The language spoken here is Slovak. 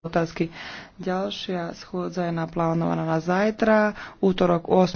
otázky. Ďalšia schôdza je naplánovaná na zajtra, útorok 8.